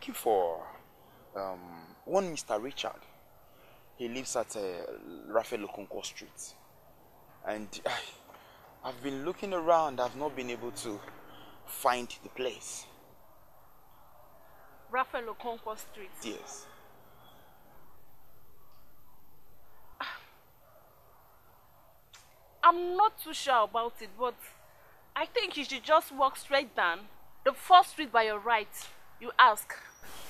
looking for um, one Mr. Richard. He lives at uh, Raphael Okonkwo Street. And I, I've been looking around, I've not been able to find the place. Raphael Okonkwo Street? Yes. I'm not too sure about it, but I think you should just walk straight down the first street by your right. You ask.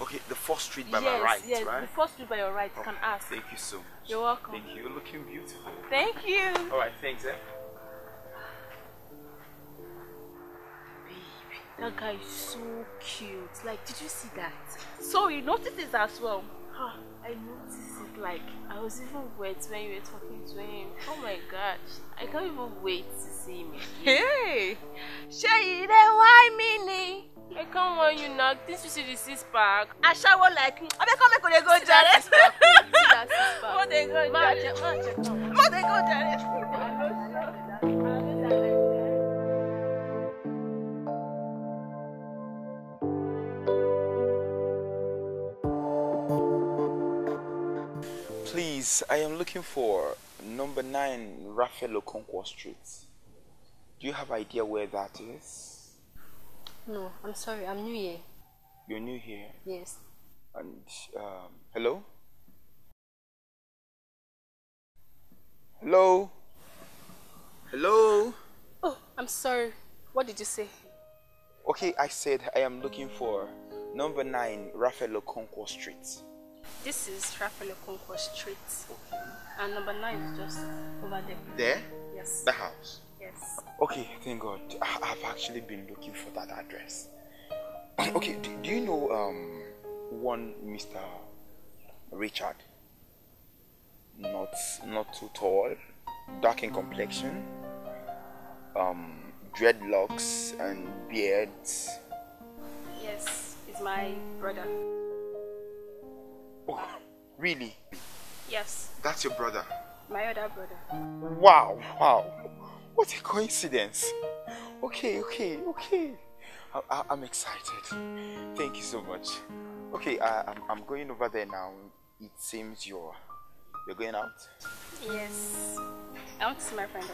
Okay, the first street by yes, my right, yes, right? the first street by your right. You can ask. Thank you so much. You're welcome. Thank you. You're looking beautiful. Thank you. All right, thanks, eh? Baby, that guy is so cute. Like, did you see that? So you noticed it as well. Huh, I noticed it. Like, I was even wet when you were talking to him. Oh my gosh, I can't even wait to see him again. Hey, Shay, why mini. I can't warn you now. Since you see the six pack? I shower like I mean come make they go Jared. What they go Jared? What they go Jared? Please, I am looking for number 9 Raphael Okonkwo Street. Do you have idea where that is? No, I'm sorry. I'm new here. You're new here? Yes. And, um, hello? Hello? Hello? Oh, I'm sorry. What did you say? Okay, I said I am looking for number 9 Raphael Okonkwo Street. This is Raphael Okonkwo Street. Okay. And number 9 is just over there. There? Yes. The house? Okay, thank God. I, have actually been looking for that address. Okay, do, do you know um one Mr. Richard? Not not too tall, dark in complexion, um, dreadlocks and beards. Yes, it's my brother. Oh, really? Yes. That's your brother. My other brother. Wow! Wow! What a coincidence. Okay, okay, okay. I, am excited. Thank you so much. Okay, I, am I'm, I'm going over there now. It seems you're you're going out. Yes, I want to see my friend.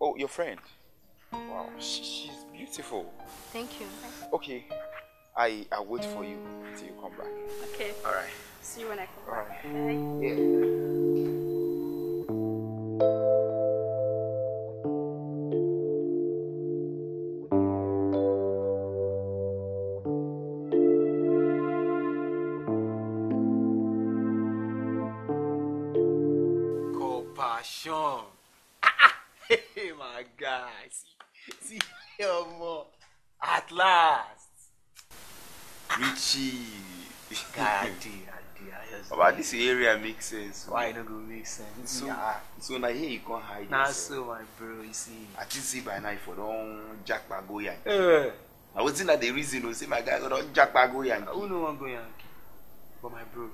Oh, your friend. Wow, she, she's beautiful. Thank you. Okay, I I wait for you till you come back. Okay. All right. See you when I come All right. Bye. Yeah. ọmọ at last. richie. gadi baba dis area make sense. why e no go make sense. so so na here you come hide nah, yourself. na so my bro you see. i think say by now you for don japa go yankee. Uh, na wetin na the reason o say my guy don japa go yankee. who no wan go yankee but my bro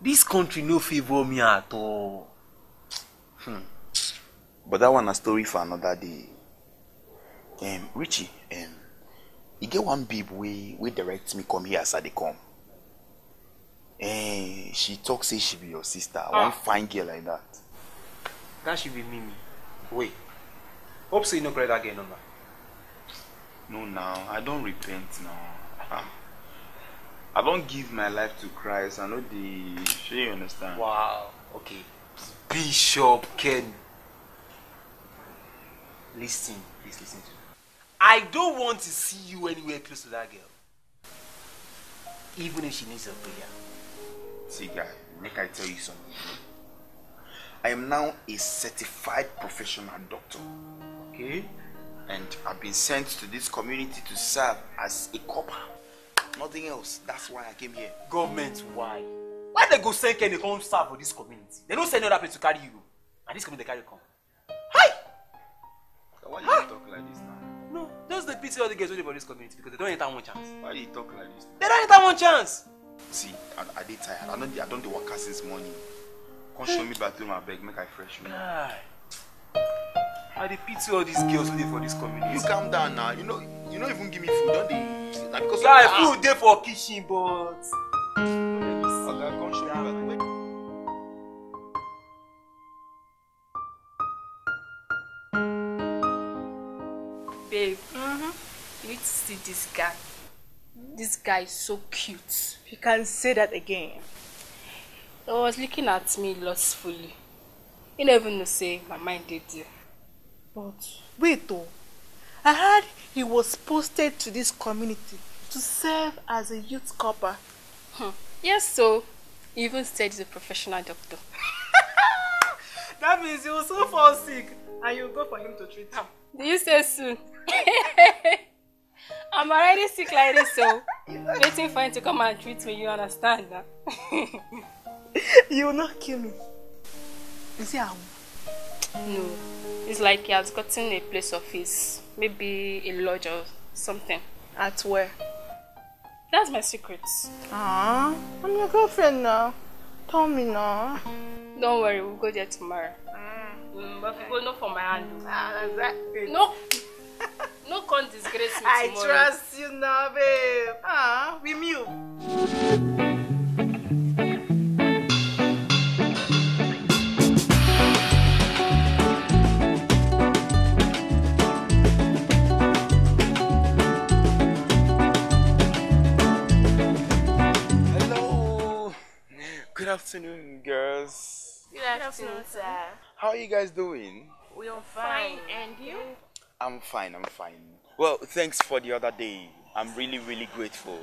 dis country no favour me at all. Hmm. but dat one na story for another day. Um, Richie, um, you get one babe we we direct me come here as I come. Eh, she talks say she be your sister. Ah. One fine girl like that. That she be Mimi. Wait. Hope say you no cry that again, number. No, now I don't repent now. Ah. I don't give my life to Christ. I know the. Sure, you understand. Wow. Okay. Bishop Ken. Listen, please listen to I don't want to see you anywhere close to that girl. Even if she needs a prayer. See, guy, make I tell you something. I am now a certified professional doctor. Okay? And I've been sent to this community to serve as a copper. Nothing else. That's why I came here. Government, why? Why they go send Kenny come serve for this community? They don't send another place to carry you. And this community they carry come. Hi! So why you pity all the girls wey dey for this community because they don enter one chance. why you talk like this. they don enter one chance. see i I dey tired i don't i don't do work since morning come show me bathroom abeg make i fresh you i dey pity all these girls wey dey for this community. you calm down now. you know you don't even give me food don dey like because. guy food there for kitchen but. this guy. This guy is so cute. You can say that again. He was looking at me lustfully. He never know say my mind did But wait though. I heard he was posted to this community to serve as a youth copper. Hmm. Yes, so he even said he's a professional doctor. that means he will soon fall sick and you'll go for him to treat him. Do you say soon? I'm already sick like this, so waiting for him to come and treat me, you understand? Huh? you will not kill me. Is it home? No. It's like he has gotten a place of his, maybe a lodge or something. At where? That's my secret. Ah, I'm your girlfriend now. Tell me now. Don't worry, we'll go there tomorrow. Ah. Mm. but people know for my hand. Ah, exactly. No, no con disgrace me I tomorrow. trust you now, babe. Ah, with you. Good afternoon, girls. Good afternoon, sir. How are you guys doing? We're fine. fine. And you? I'm fine, I'm fine. Well, thanks for the other day. I'm really, really grateful.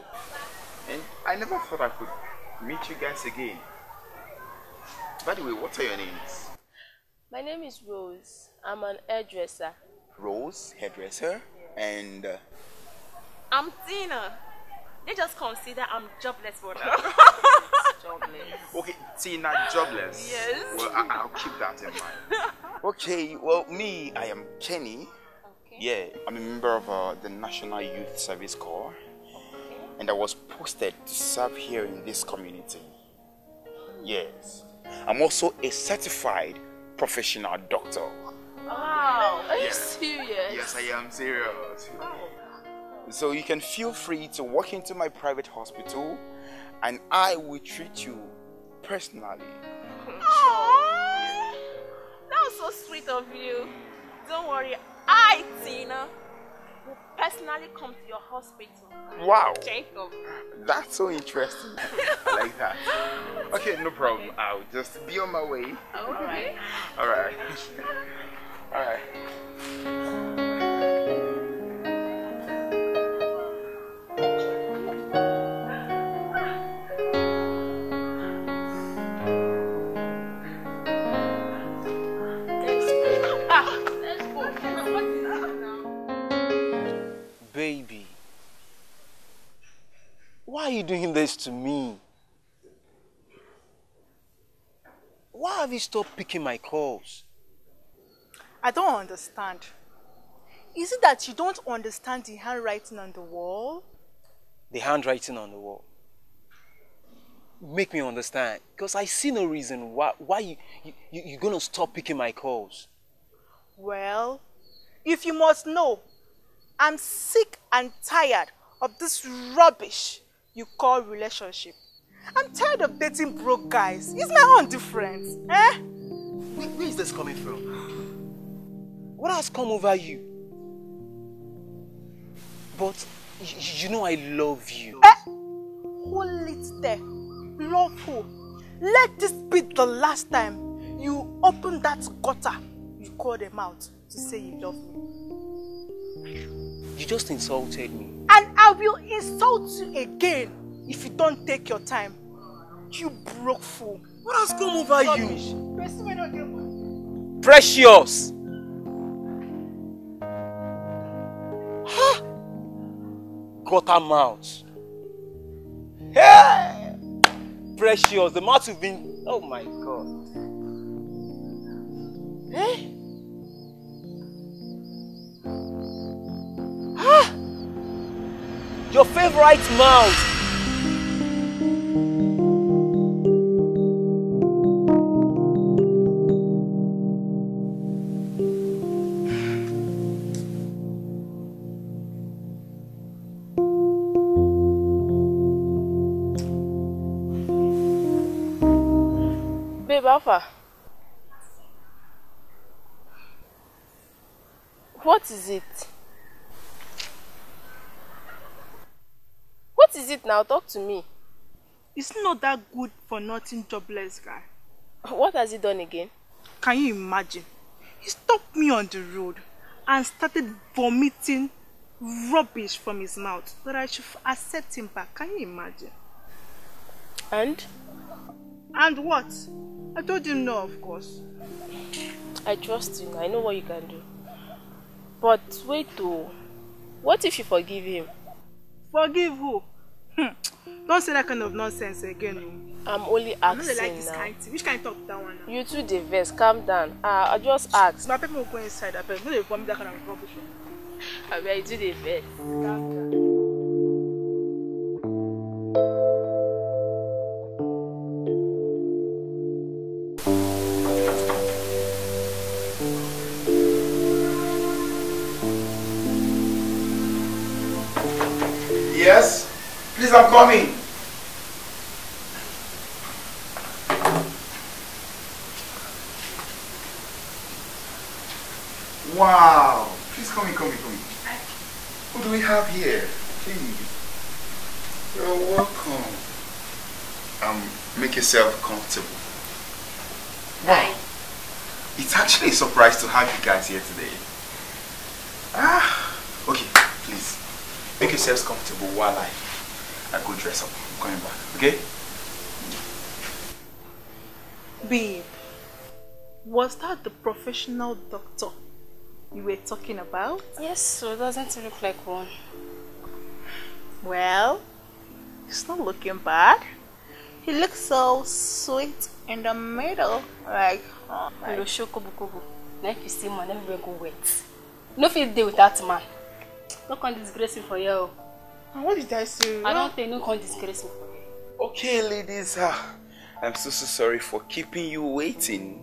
And eh? I never thought I could meet you guys again. By the way, what are your names? My name is Rose. I'm an hairdresser. Rose, hairdresser, and... Uh... I'm Tina. They just consider I'm jobless for now. jobless. Okay, Tina, jobless. Yes. Well, I- will keep that in mind. okay, well, me, I am Kenny. Okay. Yeah, I'm a member of uh, the National Youth Service Corps. Okay. And I was posted to serve here in this community. Yes. I'm also a certified professional doctor. Wow, are yes. you serious? Yes, I am serious. Wow. So you can feel free to walk into my private hospital and I will treat you personally. Aww. That was so sweet of you. Don't worry, night, will personally come to your hospital. Wow. Jacob. That's so interesting. I like that. Okay, no problem. Okay. I'll just be on my way. All right. All right. All right. Why are you doing this to me? Why have you stopped picking my calls? I don't understand. Is it that you don't understand the handwriting on the wall? The handwriting on the wall? Make me understand, because I see no reason why, why you, you, you're going to stop picking my calls. Well, if you must know, I'm sick and tired of this rubbish you call relationship. I'm tired of dating broke guys. It's my own difference, eh? Where, where is this coming from? What has come over you? But you, know I love you. Eh? Hold it there. Love who? Let this be the last time you open that gutter. You call them out to say you love me. You just insulted me will insult you again if you don't take your time. You broke fool. What has come over Rubbish. you? Precious. Huh? a mouth. Hey! Precious. The mouth you've been. Oh my god. Eh? your favorite mouth. Babe, Alpha. What is it? What is it now? Talk to me. It's not that good for nothing jobless guy. What has he done again? Can you imagine? He stopped me on the road and started vomiting rubbish from his mouth that I should accept him back. Can you imagine? And? And what? I told him no, of course. I trust you. I know what you can do. But wait, though. What if you forgive him? Forgive who? Hmm. Don't say that kind of nonsense again. Oh. I'm only asking I know like this now. kind thing. Which kind of talk that one now? You two dey calm down. Ah, uh, I just asked. My people will go inside, I bet. No, they want me that kind of rubbish. I bet you do dey Calm down. are coming. Wow. Please come in, come in, come in. Who do we have here? Please. You're welcome. Um, make yourself comfortable. Wow. It's actually a surprise to have you guys here today. Ah, okay, please. Make yourselves comfortable while I I go dress up. I'm coming back, okay? Babe, was that the professional doctor you were talking about? Yes, so it doesn't look like one. Well, he's not looking bad. He looks so sweet in the middle, like oh my. You you see, man, everywhere go wet. No fit day without man. Look on this for you. And ah, what did I say? I don't think no can disgrace me. Okay, ladies, uh, I'm so so sorry for keeping you waiting.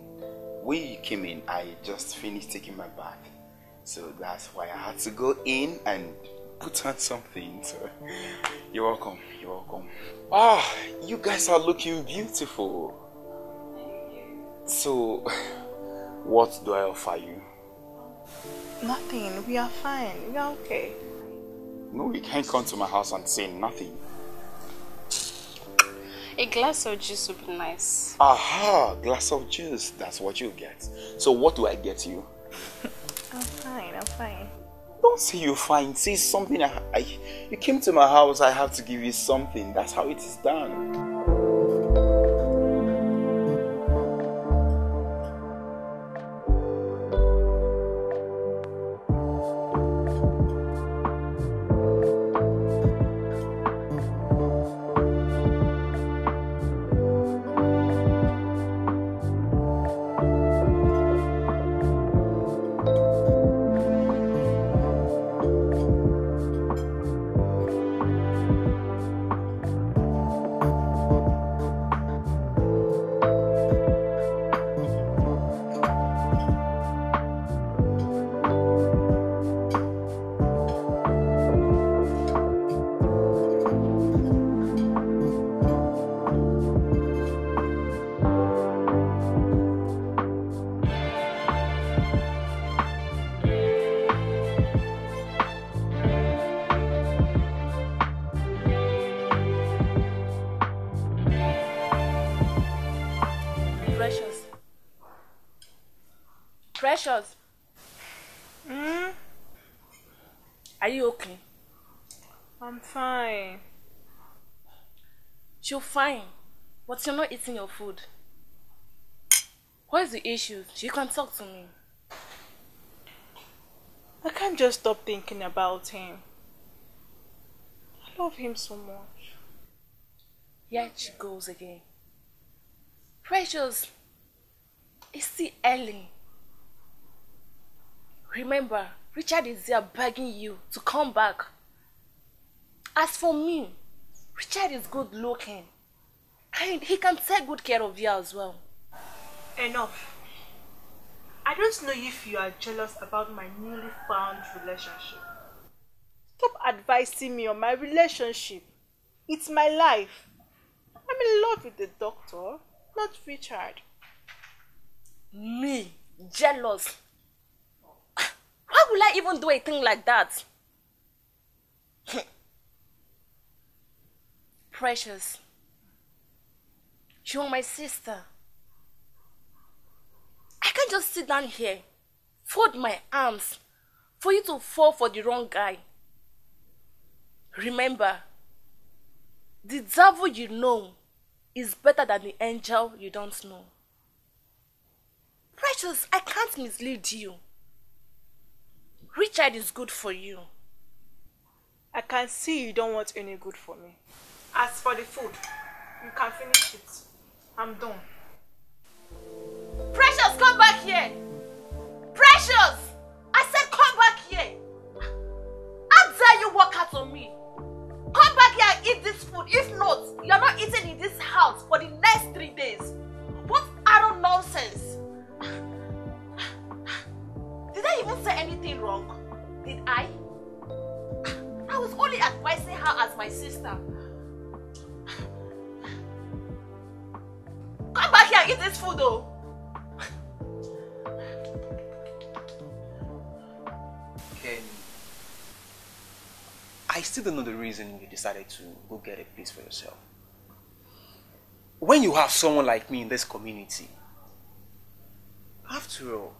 When you came in, I just finished taking my bath, so that's why I had to go in and put on something. So you're welcome. You're welcome. Ah, oh, you guys are looking beautiful. So, what do I offer you? Nothing. We are fine. We are okay. No, you can't come to my house and say nothing. A glass of juice would be nice. Aha, glass of juice. That's what you get. So what do I get you? I'm fine, I'm fine. Don't say you're fine. Say something. I, I, you came to my house, I have to give you something. That's how it is done. You're fine, but you're not eating your food. What is the issue? You can talk to me. I can't just stop thinking about him. I love him so much. Yet she goes again. Precious, it's the early. Remember, Richard is there begging you to come back. As for me, Richard is good looking. And he can take good care of you as well. Enough. I don't know if you are jealous about my newly found relationship. Stop advising me on my relationship. It's my life. I'm in love with the doctor, not Richard. Me? Jealous? Why would I even do a thing like that? precious. You are my sister. I can't just sit down here, fold my arms, for you to fall for the wrong guy. Remember, the devil you know is better than the angel you don't know. Precious, I can't mislead you. Richard is good for you. I can see you don't want any good for me. As for the food, you can finish it. I'm done. Precious, come back here! Precious! I said come back here! How dare you walk out on me? Come back here and eat this food. If not, you're not eating in this house for the next three days. What utter nonsense! Did I even say anything wrong? Did I? I was only advising her as my sister. Come back here and eat this food though. I still don't know the reason you decided to go get a place for yourself. When you have someone like me in this community, after all,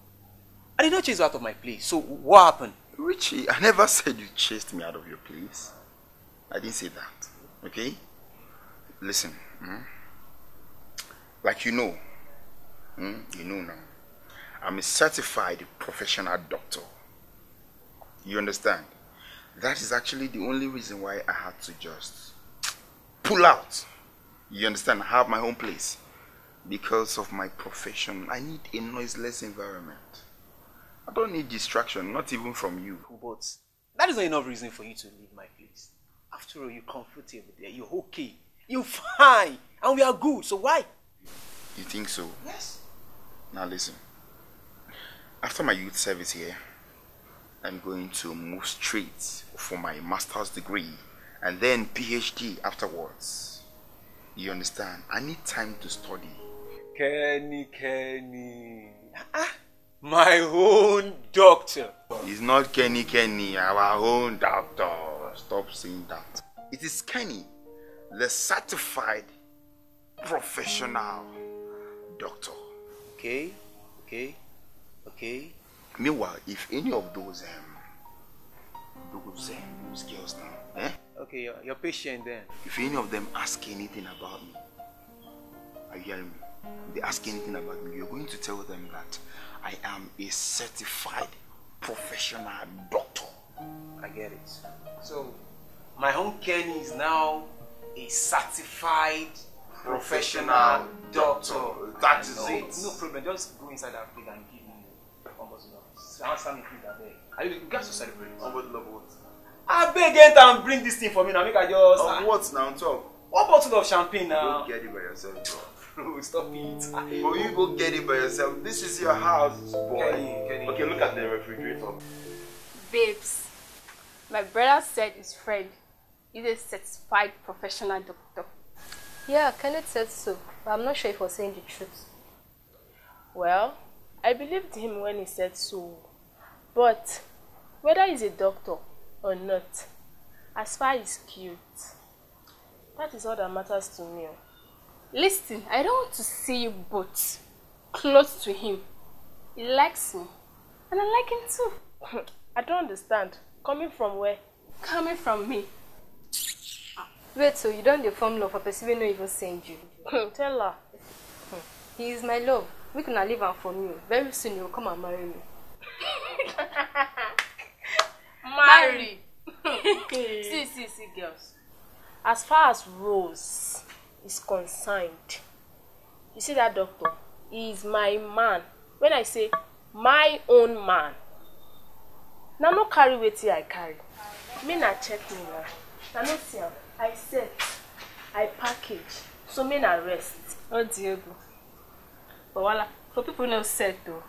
I did not chase you out of my place. So what happened? Richie, I never said you chased me out of your place. I didn't say that. Okay? Listen. -hmm. Like you know. Mm, you know now. I'm a certified professional doctor. You understand? That is actually the only reason why I had to just pull out. You understand? I have my own place. Because of my profession, I need a noiseless environment. I don't need distraction, not even from you. But that is not enough reason for you to leave my place. After all, you're comfortable there, you're okay, you're fine, and we are good, so why? You think so? Yes. Now listen. After my youth service here, I'm going to move straight for my master's degree and then PhD afterwards. You understand? I need time to study. Kenny, Kenny. Ah, my own doctor. It's not Kenny, Kenny, our own doctor. Stop saying that. It is Kenny, the certified professional doctor. Okay, okay, okay. Meanwhile, if any of those um, those um, those girls now, eh? Okay, your, your patient then. If any of them ask anything about me, are you hearing me? If they ask anything about me, you're going to tell them that I am a certified professional doctor. I get it. So, my home Kenny is now a certified professional doctor. That is no, it. No problem. Just go inside and pick and give me I Answer me, please, abeg. Are you going to celebrate? Ombudsman beg what? Abeg and bring this thing for me now. Make I just. Of what now? Talk. What bottle of champagne now. Go get it by yourself, bro. stop it. Will you go get it by yourself. This is your house, boy. Kenny, Kenny. Okay, look at the refrigerator. Babes, my brother said his friend is a satisfied professional doctor. Yeah, Kenneth said so, but I'm not sure if he was saying the truth. Well, I believed him when he said so. But whether he's a doctor or not, as far as cute, that is all that matters to me. Listen, I don't want to see you both close to him. He likes me, and I like him too. I don't understand. Coming from where? Coming from me. Wait, so you don't deform love for person wey no even send you? Hmm, tell her. Hmm. He is my love. We una leave him for you. Very soon you will come and marry me. marry. see, see, see, girls. As far as Rose is concerned, you see that doctor? He is my man. When I say my own man, now no carry with you. I carry. Me na check me now. Na no see am. I set, I package, so men are rest. Oh, Diego. But voila, for people no set though.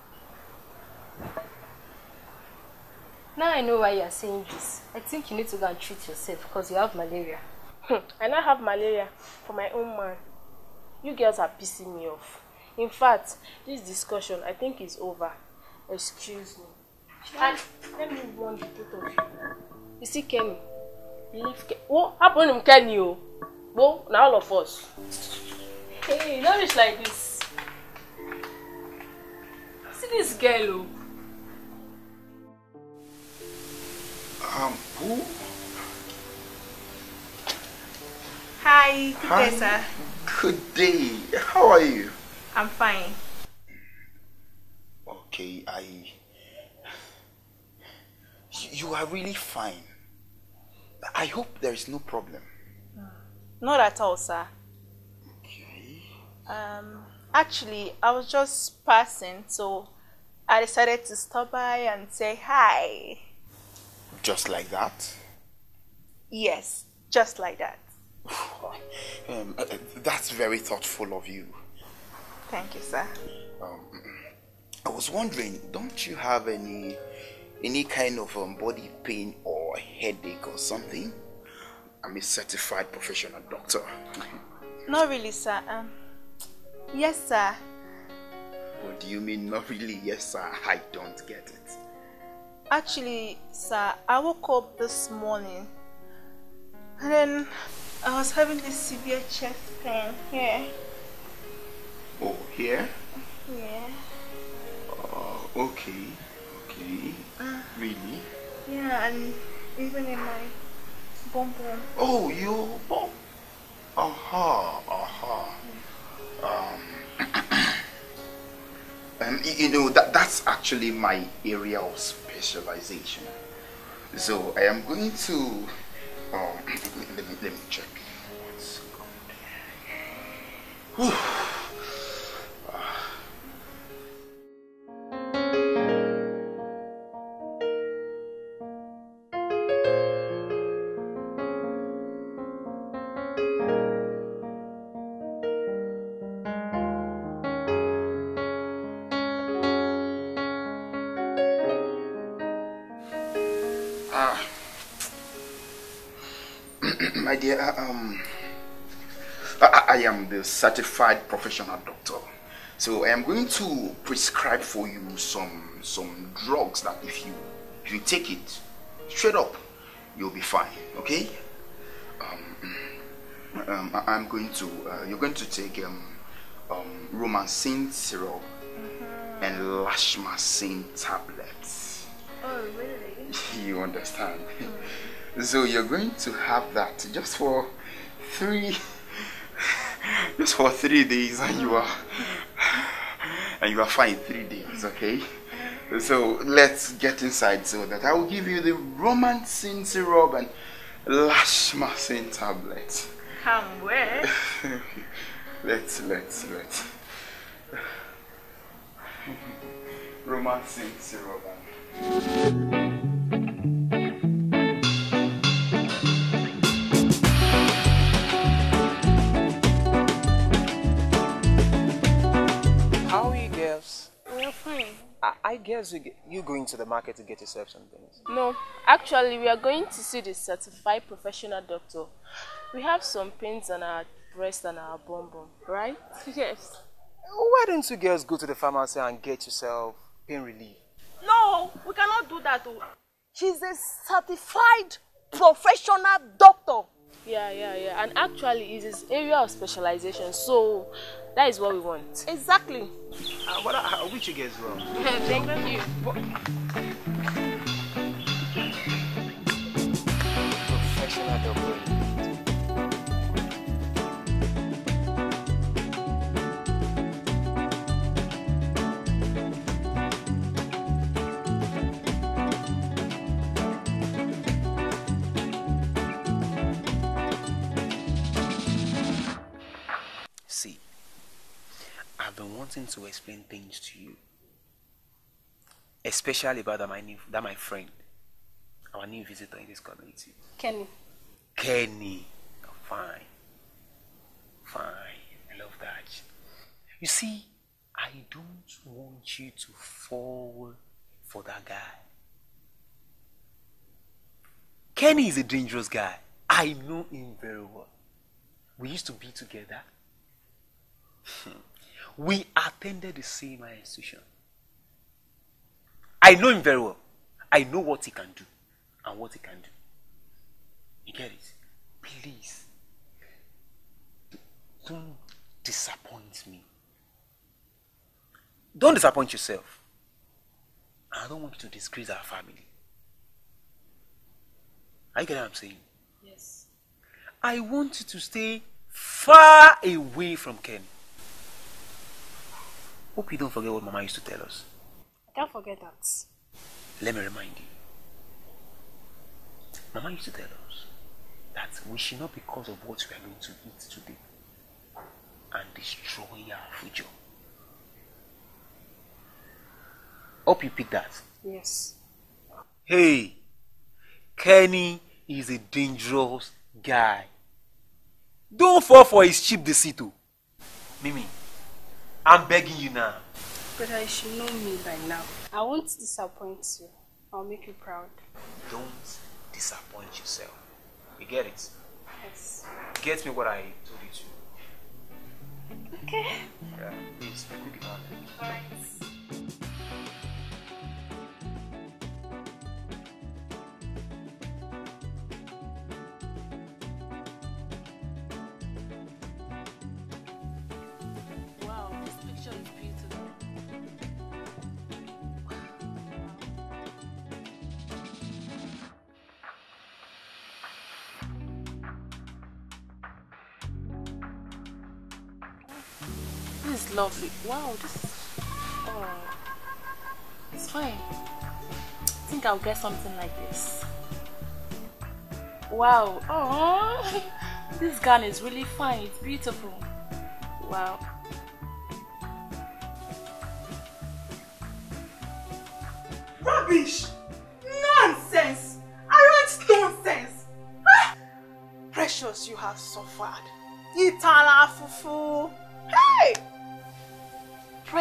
Now I know why you are saying this. I think you need to go and treat yourself because you have malaria. Hmm, I now have malaria for my own man. You girls are pissing me off. In fact, this discussion I think is over. Excuse me. And let me warn the both of you. You see, Kemi, Left What happened in Kenya? Oh? Bo, now all of us. Hey, not rich like this. See this girl, oh? Um, who? Hi, good Hi. day, sir. Good day. How are you? I'm fine. Okay, I. You are really fine. I hope there is no problem. Not at all, sir. Okay. Um, actually, I was just passing, so I decided to stop by and say hi. Just like that? Yes, just like that. um, uh, that's very thoughtful of you. Thank you, sir. Um, I was wondering, don't you have any any kind of um, body pain or or headache or something? I'm a certified professional doctor. Not really, sir. Um, yes, sir. What do you mean, not really? Yes, sir. I don't get it. Actually, sir, I woke up this morning and then I was having this severe chest pain here. Oh, here? Yeah. Oh, okay. Okay. Uh, really? Yeah, and even in my bum bum. Oh, you bum. Aha, aha. Um, um, you know that that's actually my area of specialization. So I am going to. Um, let, me, let me check. One second. Whew. I, I am the certified professional doctor. So I am going to prescribe for you some some drugs that if you if you take it straight up, you'll be fine. Okay? Um, mm, um, I, am going to uh, you're going to take um, um romancin syrup mm-hmm. and lashmacin tablets. Oh, really? you understand? Mm. so you're going to have that just for three just for three days and you are and you are fine three days, okay? So let's get inside so that I will give you the romancing syrup and lashmacin tablet. Come where? let's let's let's romancing syrup and I, guess you get, you're going to the market to get yourself some things. No, actually, we are going to see the certified professional doctor. We have some pains on our breast and our bum bum, right? Yes. Why don't you girls go to the pharmacy and get yourself pain relief? No, we cannot do that. Oh. She's a certified professional doctor. Yeah, yeah, yeah. And actually, it is area of specialization, so that is what we want. Exactly. Uh, what are, ah, which you guys wrong? Thank you. explain things to you. Especially about that my new that my friend, our new visitor in this community. Kenny. Kenny. Oh, fine. Fine. I love that. You see, I don't want you to fall for that guy. Kenny is a dangerous guy. I know him very well. We used to be together. Hmm. We attended the same institution. I know him very well. I know what he can do and what he can do. You get it? Please, don't disappoint me. Don't disappoint yourself. I don't want you to disgrace our family. Are you getting what I'm saying? Yes. I want you to stay far away from Ken. Hope you don't forget what Mama used to tell us. I can't forget that. Let me remind you. Mama used to tell us that we should not, because of what we are going to eat today, and destroy our future. Hope you pick that. Yes. Hey, Kenny is a dangerous guy. Don't fall for his cheap deceit. too, oh. Mimi. I'm begging you now. But I should know me by now. I won't disappoint you. I'll make you proud. Don't disappoint yourself. You get it? Yes. Get me what I told you to. Okay. Yeah, please, quick about it. Alright. This is lovely. Wow, this is... Oh, it's fine. I think I'll get something like this. Wow. Oh, this gun is really fine. It's beautiful. Wow.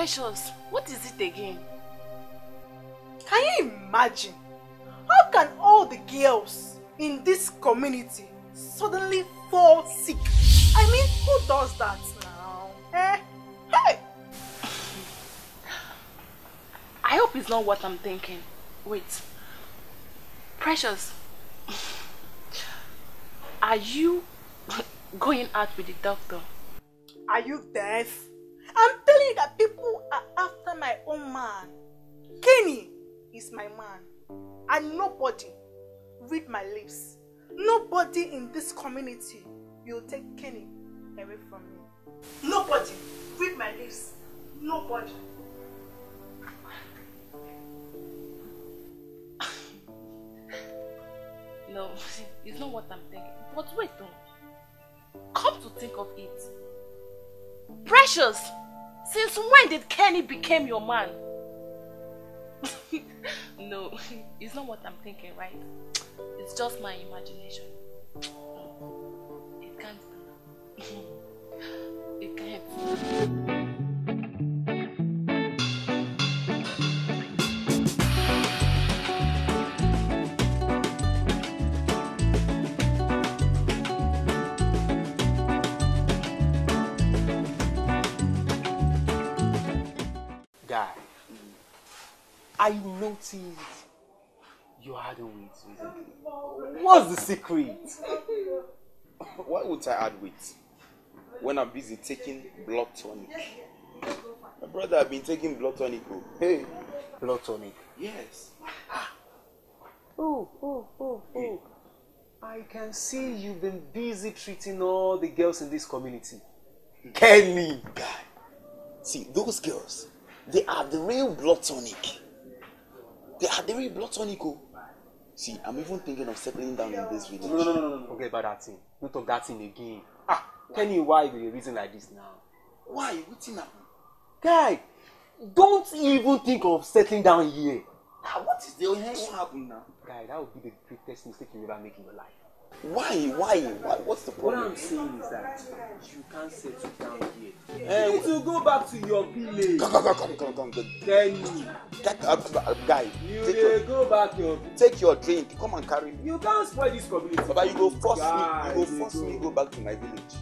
Precious, what is it again? Can you imagine? How can all the girls in this community suddenly fall sick? I mean, who does that now? Eh? Hey! I hope it's not what I'm thinking. Wait. Precious, are you going out with the doctor? Are you deaf? I'm telling you that people are after my own man. Kenny is my man. And nobody, read my lips, nobody in this community will take Kenny away from me. Nobody, read my lips, nobody. no, it's not what I'm thinking. But wait, though. Come to think of it. Precious! Since when did Kenny became your man? no, it's not what I'm thinking, right? It's just my imagination. It can't it can't. I noticed you had a weight What's the secret? Why would I add weight when I'm busy taking blood tonic? My brother, I've been taking blood tonic. Oh. Hey, blood tonic. Yes. Oh, oh, oh, oh. Hey. I can see you've been busy treating all the girls in this community. Kenny, guy. See, those girls, they are the real blood tonic. They are they read blood tonic. Oh. See, I'm even thinking of settling down in this village. No, no, no, no, no. Forget about that thing. Don't talk that thing again. Ah, tell me why you reason like this now? Why? Wetin happen? Guy, don't even think of settling down here. Ah, what is the only thing happen now? Guy, that would be the greatest mistake you ever make in your life. Why? Why? Why? What's the problem? What I'm saying is that you can't settle down here. Eh, you need to go back to your village. Come, come, come, come, come, come. Then you. Get up, uh, guy. You take your, go back your. Take your drink. Come and carry me. You can't spoil this community. Baba, you go force guy, me. You go force go. me go back to my village.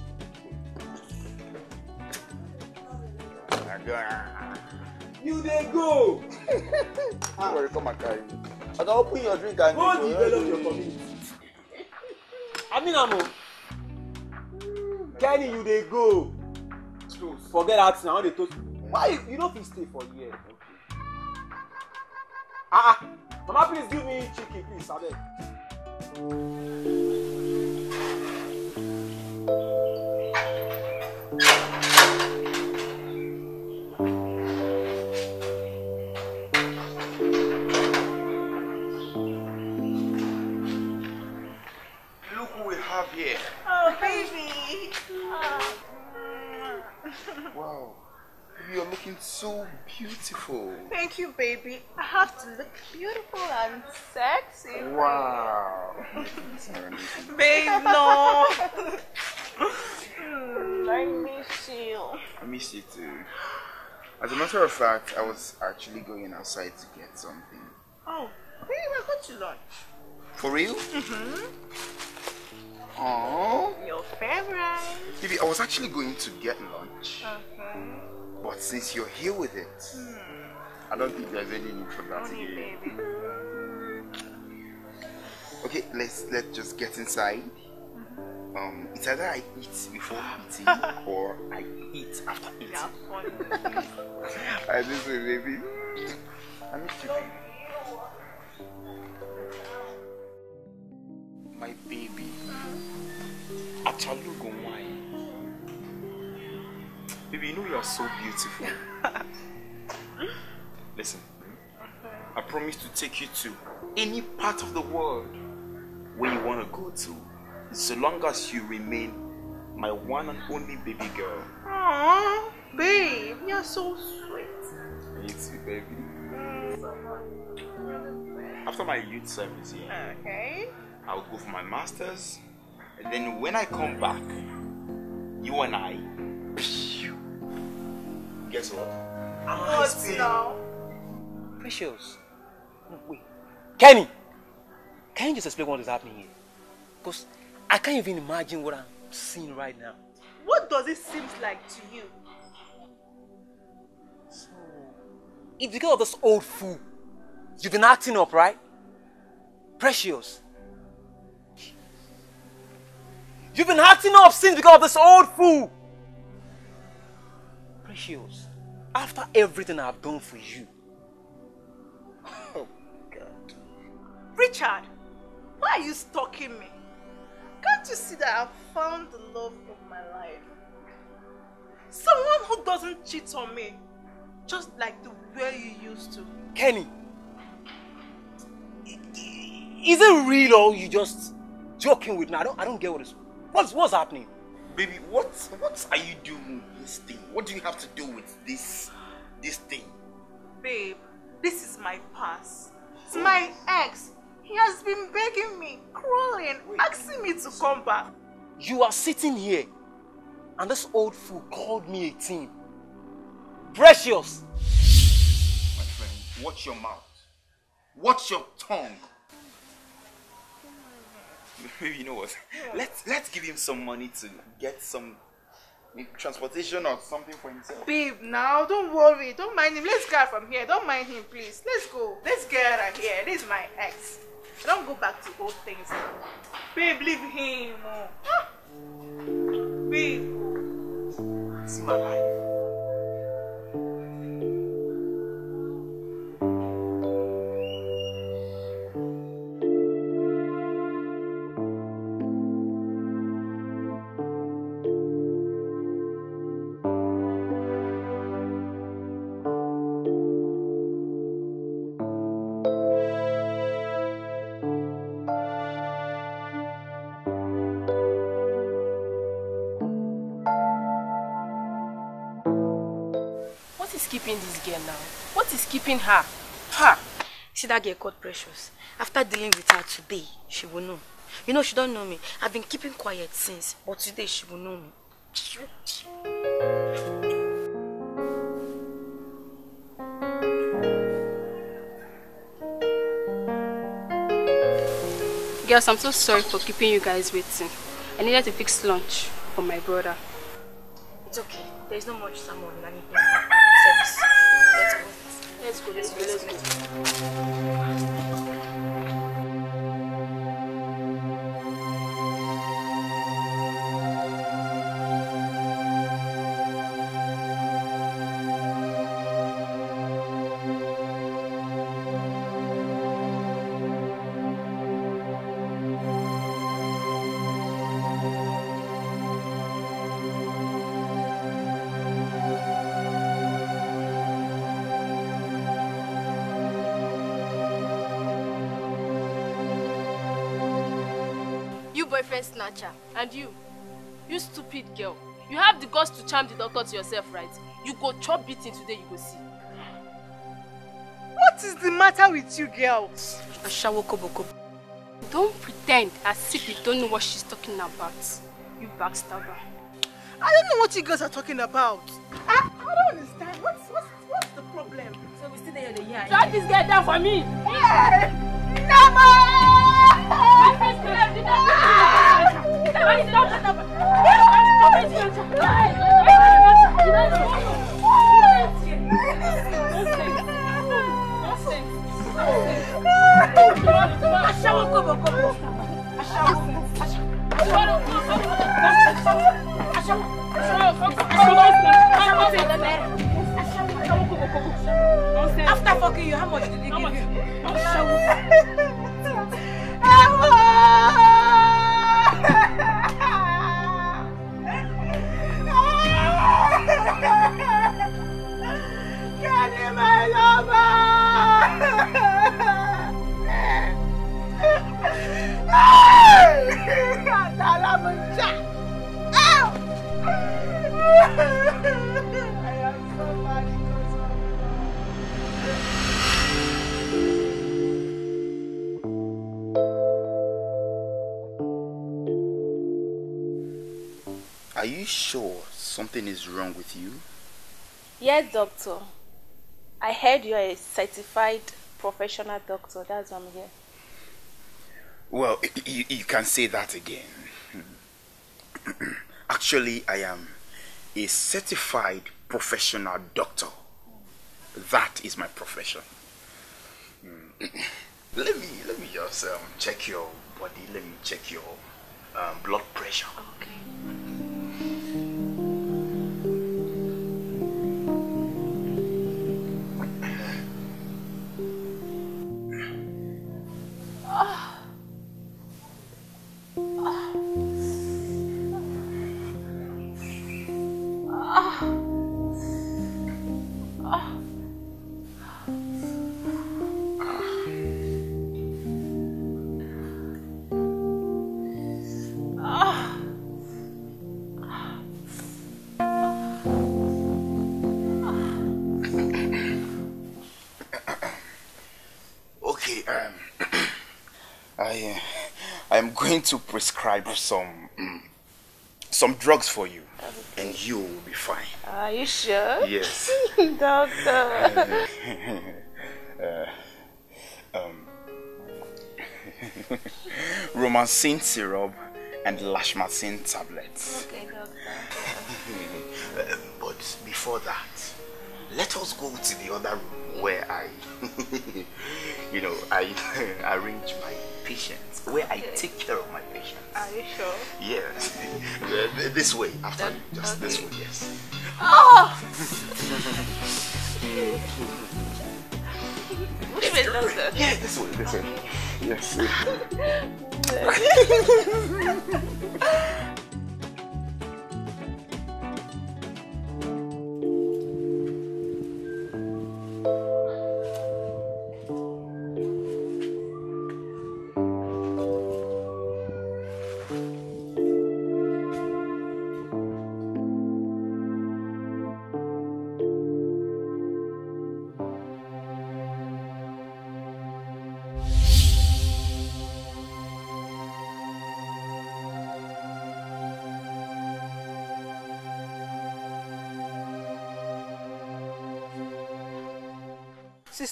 You dey go. Don't worry, come and carry me. I don open your drink and. Go develop eh? your community i mean am o kenny you dey go forget that thing i wan dey toast why you, you no fit stay for here okay. Ah, ah mama please give me chicken please abeg. Oh, baby. wow. You're looking so beautiful. Thank you, baby. I have to look beautiful and sexy. Wow. baby, no. I miss you. I miss you too. As a matter of fact, I was actually going outside to get something. Oh, babe, I got you lunch. For real? Mm-hmm. Oh. Your favorite. baby. I was actually going to get lunch. Uh-huh. But since you're here with it, hmm. I don't think there's any need for that again. Baby. Okay, let's let's just get inside. Mm-hmm. Um, it's either I eat before eating or I eat after eating. funny. I just say, baby. I miss you, baby. My baby go away, Baby, you know you are so beautiful. Listen, I promise to take you to any part of the world where you want to go to, so long as you remain my one and only baby girl. Aww, babe, you're so sweet. Me too, baby. After my youth service yeah. okay. I will go for my master's. Then when I come back, you and I, guess what? I'm what now? Precious. No, wait. Kenny! Can you just explain what is happening here? Because I can't even imagine what I'm seeing right now. What does it seem like to you? So, it's because of this old fool. You've been acting up, right? Precious. You've been acting up since because of this old fool. Precious, after everything I've done for you. Oh, God. Richard, why are you stalking me? Can't you see that I've found the love of my life? Someone who doesn't cheat on me, just like the way you used to. Kenny, is it real or you just joking with me? I don't, I don't get what it's What's what's happening? Baby, what what are you doing with this thing? What do you have to do with this this thing? Babe, this is my past. It's my ex. He has been begging me, crawling, Wait. asking me to come back. You are sitting here, and this old fool called me a team. Precious! My friend, watch your mouth. Watch your tongue. maybe you know what? Yeah. Let's let's give him some money to get some transportation or something for himself. Babe, now don't worry. Don't mind him. Let's get from here. Don't mind him, please. Let's go. Let's get out of here. This is my ex. Don't go back to old things. Babe, leave him. Oh. Babe. See my life. helping her. Ha! See, that girl called precious. After dealing with her today, she will know. You know, she don't know me. I've been keeping quiet since, but today she will know me. Girls, I'm so sorry for keeping you guys waiting. I needed to fix lunch for my brother. It's okay. There's no much someone anything. school, el snatcher. And you, you stupid girl. You have the guts to charm the doctor to yourself, right? You go chop beating today, you go see. What is the matter with you, girl? Ashawokoboko. Don't pretend as if you don't know what she's talking about. You backstabber. I don't know what you guys are talking about. I, I don't understand. What's, what's, what's the problem? So we still there the year. Drag this girl down for me. Hey! Never! After fucking you, how much did they give you? wrong with you? Yes, doctor. I heard you are a certified professional doctor. That's why I'm here. Well, you, you can say that again. Actually, I am a certified professional doctor. That is my profession. Hmm. let me let me just um, check your body. Let me check your um, blood pressure. Okay. to prescribe some mm, some drugs for you, okay. and you will be fine. Are you sure? Yes, doctor. uh, um, romancin syrup and lashmacin tablets. Okay, doctor. uh, but before that, let us go to the other room where I, you know, I arrange my patient the way I take care of my patients. Are you sure? Yes. this way, after um, you. Just okay. this way, yes. Oh! Which way does that? Yeah, this way, this okay. way. Yes.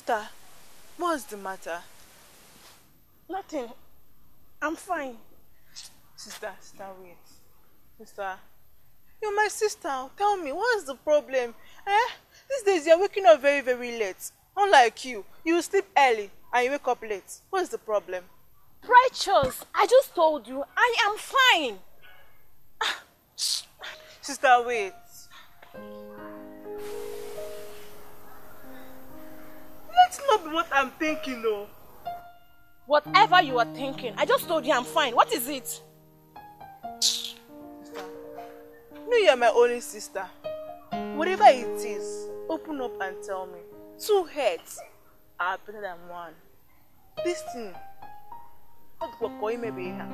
Sister, what's the matter? Nothing. I'm fine. Sister, sister, wait. Sister, you're my sister. Tell me, what's the problem? Eh? These days you're waking up very, very late. Unlike you, you sleep early and you wake up late. What's the problem? Righteous, I just told you, I am fine. Ah, sister, wait. what I'm thinking though. Whatever you are thinking, I just told you I'm fine. What is it? no, you're my only sister. Whatever it is, open up and tell me. Two heads are better than one. This thing, what Wakoy may be here.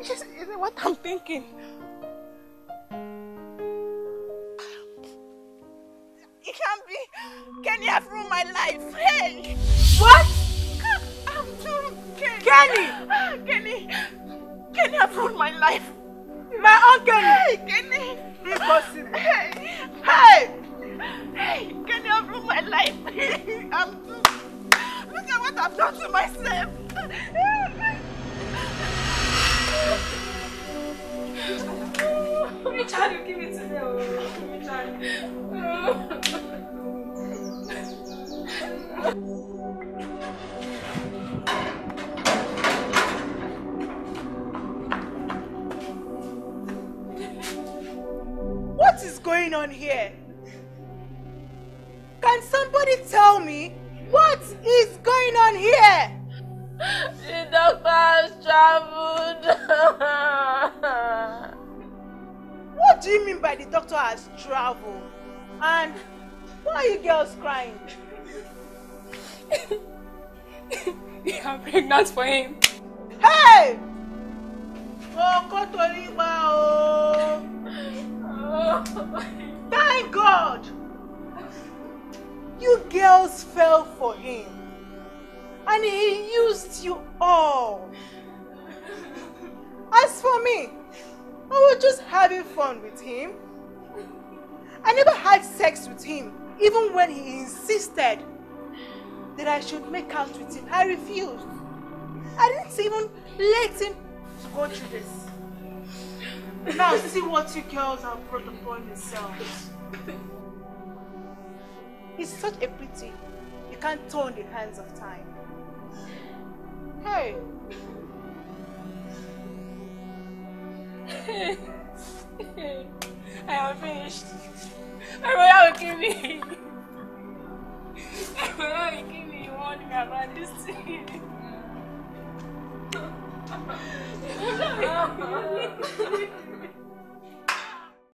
Is what I'm thinking. Kenny have ruined my life. Hey! What? I'm too Kenny. Ah, Kenny! Kenny! Kenny have ruined my life. My own Kenny. Hey, Kenny. Impossible. Hey! Hey! Hey! Kenny have ruined my life. I'm too... Look at what I've done to myself. Richard, you give it to me. Oh, Richard. on here? Can somebody tell me what is going on here? The doctor has traveled. what do you mean by the doctor has traveled? And why are you girls crying? you are pregnant for him. Hey! Oh, Kotoriba! Oh! oh Thank God! You girls fell for him. And he used you all. As for me, I was just having fun with him. I never had sex with him, even when he insisted that I should make out with him. I refused. I didn't even let him go through this. Now see what you girls have brought upon yourselves. It's such a pity you can't turn the hands of time. Hey! I am finished. brother will kill me. Everyone will kill me. You warned me about this thing.